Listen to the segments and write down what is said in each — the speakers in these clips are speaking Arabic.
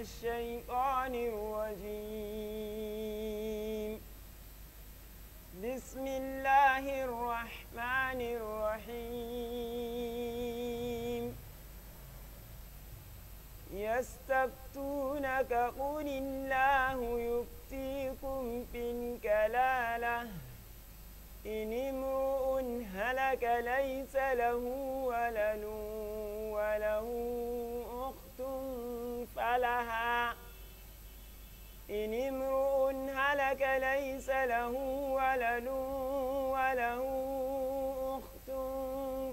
الشيطان الرجيم بسم الله الرحمن الرحيم يستفتونك قل الله يفتيكم في الكلاله إن امرؤ هلك ليس له ولد وله لها إن امرؤ هلك ليس له ولد وله أخت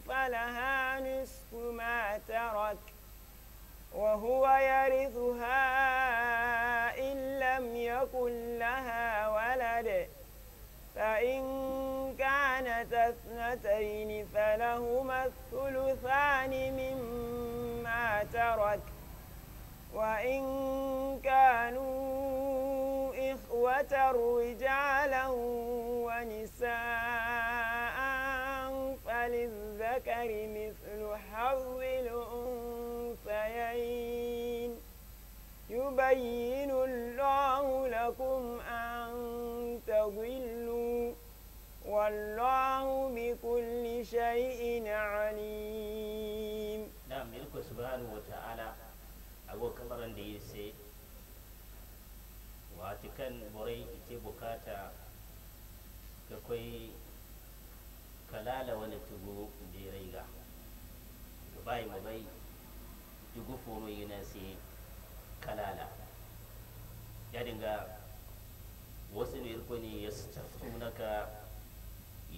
فلها نصف ما ترك وهو يرثها إن لم يكن لها ولد فإن كانت اثنتين فلهما الثلثان مما ترك وإن كانوا إخوة رجالا ونساء فللذكر مثل حظ الأنثيين يبين الله لكم أن تضلوا والله بكل شيء عليم نعم سبحانه وتعالى abokamaran da ya sai wata kan borai ite bukata ka kwai kalala wani tugu da ya raiga ga bai ma bai tugu fono yana sai kalala ya dinga wasu ne irko ne ya staftu ka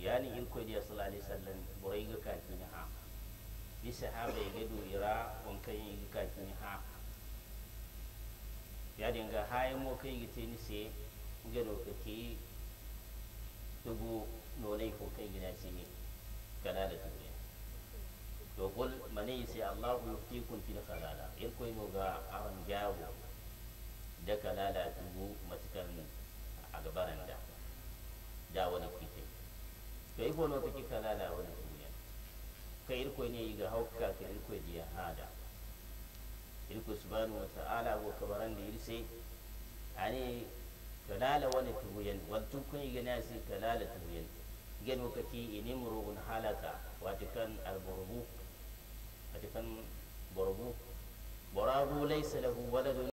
ya ni irko ne ya sallallahu alaihi wasallam borai ga kafin ha bisa ha bai gado ira wankan yadinga hayamo kai giteni se ga lokaci dubu nolai ko kai gida ne kana da tugu to kul mane sai Allahu fi fil kalala ir koy no ga aran jawo da kalala tugu a gabaran da da wani kite to iko no take kalala wani duniya kai ir koy ne ga hauka kai ir koy dia hada irko subhanahu wa ta'ala wa kabaran da ne ani kalala wani tubuyan wancan kun igana sai kalala tubuyan gen wakati inimru'un halaka watikan alburbu watikan burbu burabu laysa lahu waladun